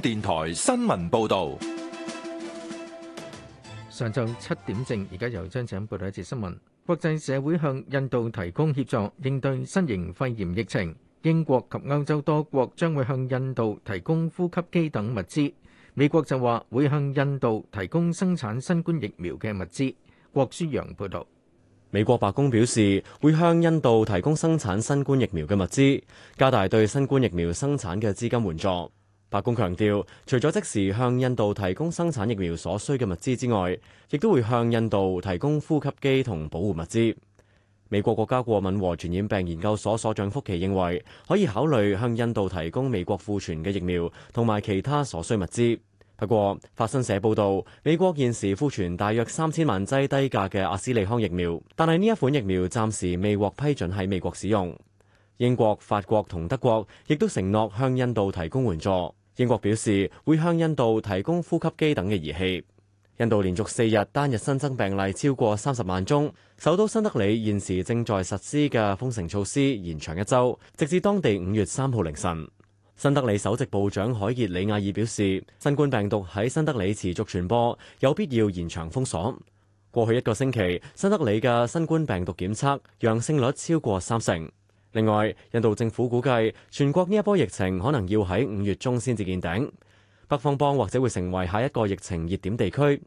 電台新聞報道，上晝七點正，而家由張子欣報道一節新聞。國際社會向印度提供協助應對新型肺炎疫情，英國及歐洲多國將會向印度提供呼吸機等物資。美國就話會向印度提供生產新冠疫苗嘅物資。郭舒揚報道，美國白宮表示會向印度提供生產新冠疫苗嘅物資，加大對新冠疫苗生產嘅資金援助。白宮強調，除咗即時向印度提供生產疫苗所需嘅物資之外，亦都會向印度提供呼吸機同保護物資。美國國家過敏和傳染病研究所所長福奇認為，可以考慮向印度提供美國庫存嘅疫苗同埋其他所需物資。不過，法新社報道，美國現時庫存大約三千萬劑低價嘅阿斯利康疫苗，但係呢一款疫苗暫時未獲批准喺美國使用。英國、法國同德國亦都承諾向印度提供援助。英國表示會向印度提供呼吸機等嘅儀器。印度連續四日單日新增病例超過三十萬宗，首都新德里現時正在實施嘅封城措施延長一週，直至當地五月三號凌晨。新德里首席部長海熱里亞爾表示，新冠病毒喺新德里持續傳播，有必要延長封鎖。過去一個星期，新德里嘅新冠病毒檢測陽性率超過三成。另外，印度政府估計，全國呢一波疫情可能要喺五月中先至見頂，北方邦或者會成為下一個疫情熱點地區。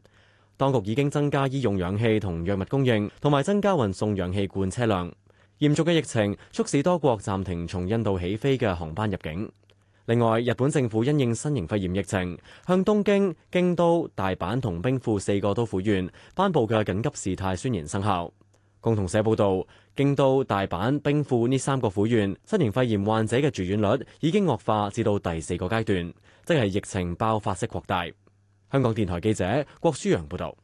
當局已經增加醫用氧氣同藥物供應，同埋增加運送氧氣罐車輛。嚴重嘅疫情促使多國暫停從印度起飛嘅航班入境。另外，日本政府因應新型肺炎疫情，向東京、京都、大阪同兵庫四個都府縣頒布嘅緊急事態宣言生效。共同社報道，京都、大阪、兵庫呢三個府縣新型肺炎患者嘅住院率已經惡化，至到第四個階段，即係疫情爆發式擴大。香港電台記者郭舒陽報道。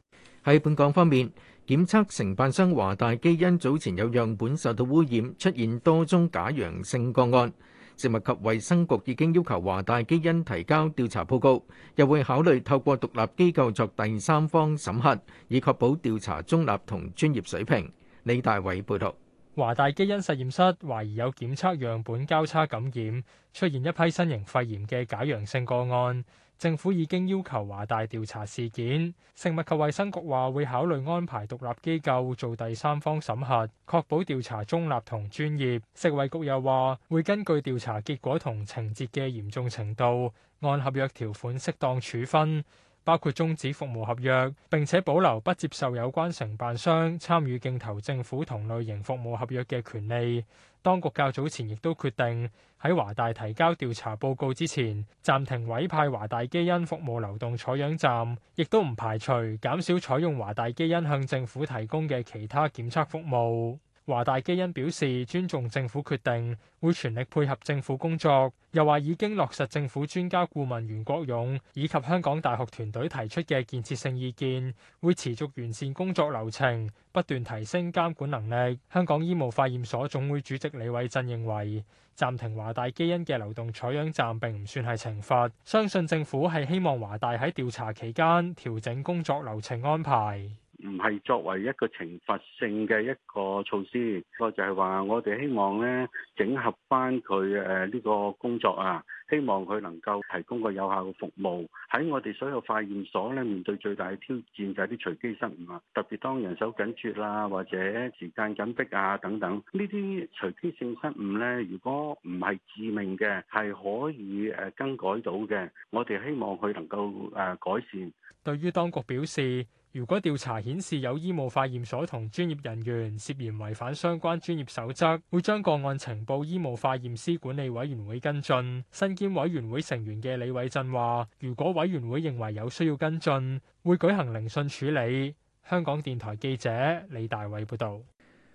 喺本港方面，檢測承辦商華大基因早前有樣本受到污染，出現多宗假陽性個案。食物及衛生局已經要求華大基因提交調查報告，又會考慮透過獨立機構作第三方審核，以確保調查中立同專業水平。李大偉報道：華大基因實驗室懷疑有檢測樣本交叉感染，出現一批新型肺炎嘅假陽性個案。政府已經要求華大調查事件。食物及衛生局話會考慮安排獨立機構做第三方審核，確保調查中立同專業。食衛局又話會根據調查結果同情節嘅嚴重程度，按合約條款適當處分。包括終止服務合約，並且保留不接受有關承辦商參與競投政府同類型服務合約嘅權利。當局較早前亦都決定，喺華大提交調查報告之前，暫停委派華大基因服務流動採樣站，亦都唔排除減少採用華大基因向政府提供嘅其他檢測服務。華大基因表示尊重政府決定，會全力配合政府工作。又話已經落實政府專家顧問袁國勇以及香港大學團隊提出嘅建設性意見，會持續完善工作流程，不斷提升監管能力。香港醫務化驗所總會主席李偉振認為，暫停華大基因嘅流動採樣站並唔算係懲罰，相信政府係希望華大喺調查期間調整工作流程安排。唔係作為一個懲罰性嘅一個措施，個就係話，我哋希望咧整合翻佢誒呢個工作啊，希望佢能夠提供個有效嘅服務，喺我哋所有化驗所咧，面對最大嘅挑戰就係啲隨機失誤啊，特別當人手緊缺啦，或者時間緊迫啊等等。呢啲隨機性失誤咧，如果唔係致命嘅，係可以誒更改到嘅。我哋希望佢能夠誒改善。對於當局表示，如果調查顯示有醫務化驗所同專業人員涉嫌違反相關專業守則，會將個案呈報醫務化驗師管理委員會跟進。身兼委員會成員嘅李偉振話，如果委員會認為有需要跟進，會舉行聆訊處理。香港電台記者李大偉報導。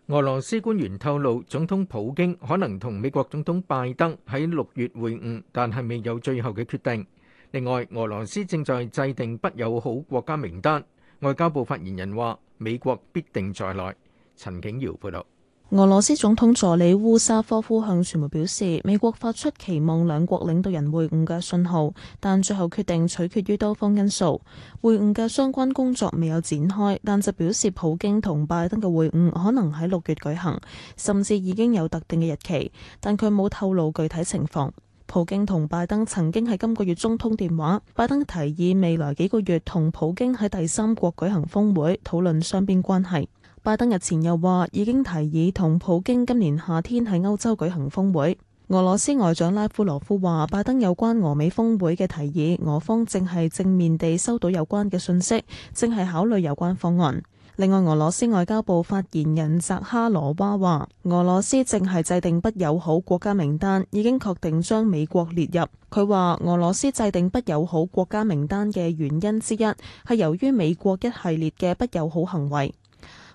俄羅斯官員透露，總統普京可能同美國總統拜登喺六月會晤，但係未有最後嘅決定。另外，俄羅斯正在制定不友好國家名單。外交部發言人話，美國必定在內。陳景堯報道。俄羅斯總統助理烏沙科夫向傳媒表示，美國發出期望兩國領導人會晤嘅信號，但最後決定取決於多方因素。會晤嘅相關工作未有展開，但就表示普京同拜登嘅會晤可能喺六月舉行，甚至已經有特定嘅日期，但佢冇透露具體情況。普京同拜登曾經喺今個月中通電話，拜登提議未來幾個月同普京喺第三國舉行峰會，討論雙邊關係。拜登日前又話已經提議同普京今年夏天喺歐洲舉行峰會。俄羅斯外長拉夫羅夫話：拜登有關俄美峰會嘅提議，俄方正係正面地收到有關嘅信息，正係考慮有關方案。另外，俄羅斯外交部發言人扎哈羅娃話：俄羅斯正係制定不友好國家名單，已經確定將美國列入。佢話：俄羅斯制定不友好國家名單嘅原因之一係由於美國一系列嘅不友好行為。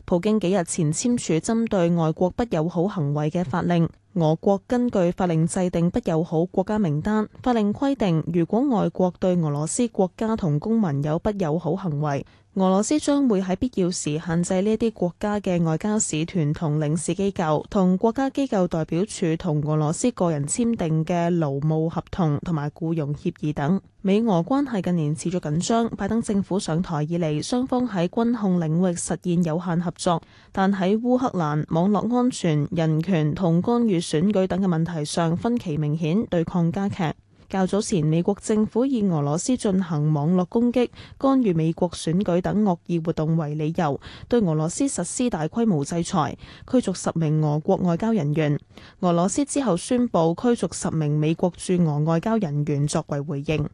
普京幾日前簽署針對外國不友好行為嘅法令，俄國根據法令制定不友好國家名單。法令規定，如果外國對俄羅斯國家同公民有不友好行為，俄羅斯將會喺必要時限制呢一啲國家嘅外交使團同領事機構，同國家機構代表處同俄羅斯個人簽訂嘅勞務合同同埋僱傭協議等。美俄關係近年持續緊張，拜登政府上台以嚟，雙方喺軍控領域實現有限合作，但喺烏克蘭、網絡安全、人權同干預選舉等嘅問題上分歧明顯，對抗加劇。較早前，美國政府以俄羅斯進行網絡攻擊、干預美國選舉等惡意活動為理由，對俄羅斯實施大規模制裁，驅逐十名俄國外交人員。俄羅斯之後宣布驅逐十名美國駐俄外交人員作為回應。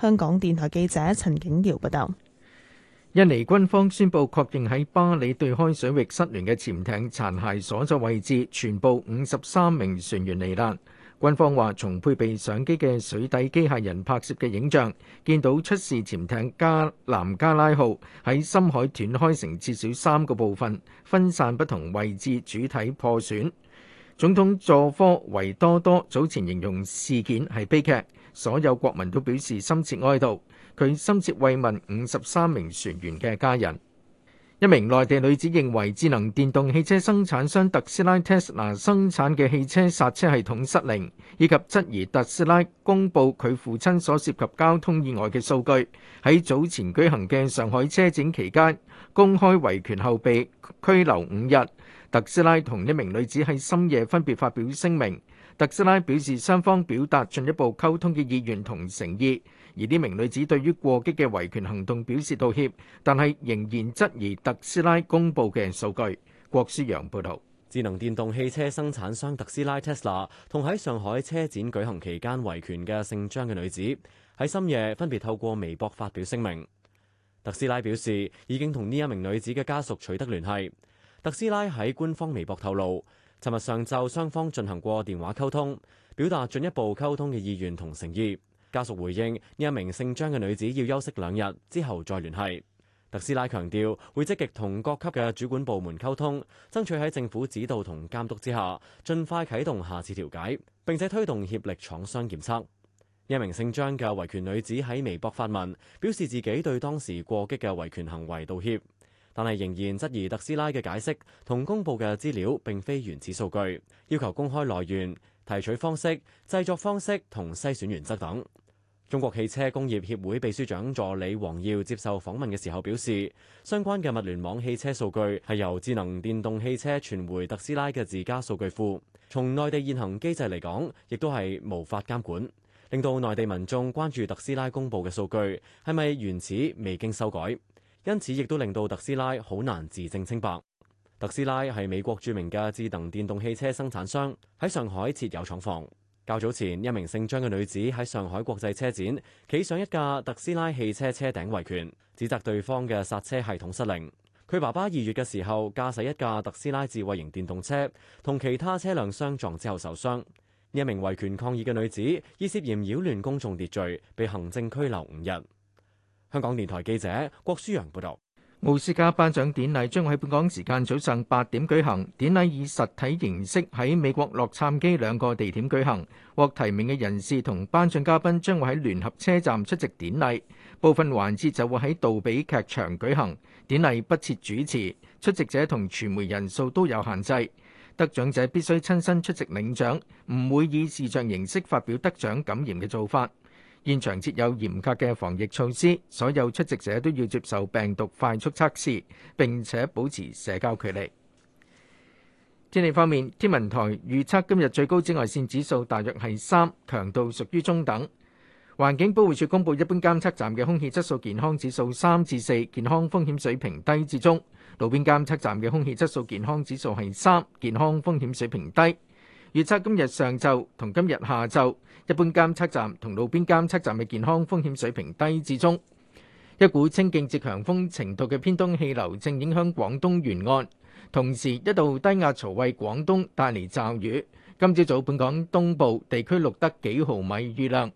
香港電台記者陳景堯報道。印尼軍方宣布確認喺巴里對開水域失聯嘅潛艇殘骸所在位置，全部五十三名船員罹難。軍方話，從配備相機嘅水底機械人拍攝嘅影像，見到出事潛艇加南加拉號喺深海斷開成至少三個部分，分散不同位置，主體破損。總統佐科維多多早前形容事件係悲劇，所有國民都表示深切哀悼，佢深切慰問五十三名船員嘅家人。一名內地女子認為智能電動汽車生產商特斯拉 Tesla 生產嘅汽車煞車系統失靈，以及質疑特斯拉公佈佢父親所涉及交通意外嘅數據。喺早前舉行嘅上海車展期間，公開維權後被拘留五日。特斯拉同一名女子喺深夜分別發表聲明。特斯拉表示，雙方表達進一步溝通嘅意願同誠意，而呢名女子對於過激嘅維權行動表示道歉，但係仍然質疑特斯拉公布嘅數據。郭書陽報道，智能電動汽車生產商特斯拉 Tesla 同喺上海車展舉行期間維權嘅姓張嘅女子，喺深夜分別透過微博發表聲明。特斯拉表示，已經同呢一名女子嘅家屬取得聯繫。特斯拉喺官方微博透露，尋日上晝，雙方進行過電話溝通，表達進一步溝通嘅意願同誠意。家屬回應：呢一名姓張嘅女子要休息兩日，之後再聯繫。特斯拉強調，會積極同各級嘅主管部門溝通，爭取喺政府指導同監督之下，盡快啟動下次調解，並且推動協力廠商檢測。一名姓張嘅維權女子喺微博發文，表示自己對當時過激嘅維權行為道歉。但係仍然質疑特斯拉嘅解釋同公佈嘅資料並非原始數據，要求公開來源、提取方式、製作方式同篩選原則等。中國汽車工業協會秘書長助理王耀接受訪問嘅時候表示，相關嘅物聯網汽車數據係由智能電動汽車傳回特斯拉嘅自家數據庫，從內地現行機制嚟講，亦都係無法監管，令到內地民眾關注特斯拉公佈嘅數據係咪原始，未經修改。因此，亦都令到特斯拉好難自證清白。特斯拉係美國著名嘅智能電動汽車生產商，喺上海設有廠房。較早前，一名姓張嘅女子喺上海國際車展企上一架特斯拉汽車車頂維權，指責對方嘅剎車系統失靈。佢爸爸二月嘅時候駕駛一架特斯拉智慧型電動車，同其他車輛相撞之後受傷。一名維權抗議嘅女子，以涉嫌擾亂公眾秩序被行政拘留五日。香港電台記者郭舒陽報道，奧斯卡頒獎典禮將會喺本港時間早上八點舉行。典禮以實體形式喺美國洛杉磯兩個地點舉行。獲提名嘅人士同頒獎嘉賓將會喺聯合車站出席典禮，部分環節就會喺杜比劇場舉行。典禮不設主持，出席者同傳媒人數都有限制。得獎者必須親身出席領獎，唔會以視像形式發表得獎感言嘅做法。現場設有嚴格嘅防疫措施，所有出席者都要接受病毒快速測試，並且保持社交距離。天氣方面，天文台預測今日最高紫外線指數大約係三，強度屬於中等。環境保護署公佈一般監測站嘅空氣質素健康指數三至四，健康風險水平低至中；路邊監測站嘅空氣質素健康指數係三，健康風險水平低。預測今日上晝同今日下晝一般監測站同路邊監測站嘅健康風險水平低至中。一股清勁至強風程度嘅偏東氣流正影響廣東沿岸，同時一道低壓槽為廣東帶嚟驟雨。今朝早本港東部地區錄得幾毫米雨量。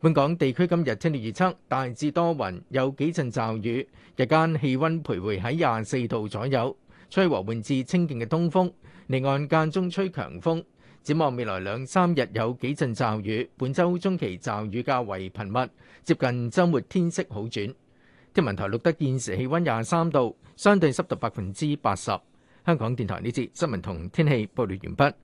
本港地區今日天氣預測大致多雲，有幾陣驟雨。日間氣溫徘徊喺廿四度左右，吹和緩至清勁嘅東風，離岸間中吹強風。展望未來兩三日有幾陣驟雨，本周中期驟雨較為頻密，接近周末天色好轉。天文台錄得現時氣溫廿三度，相對濕度百分之八十。香港電台呢節新聞同天氣報道完畢。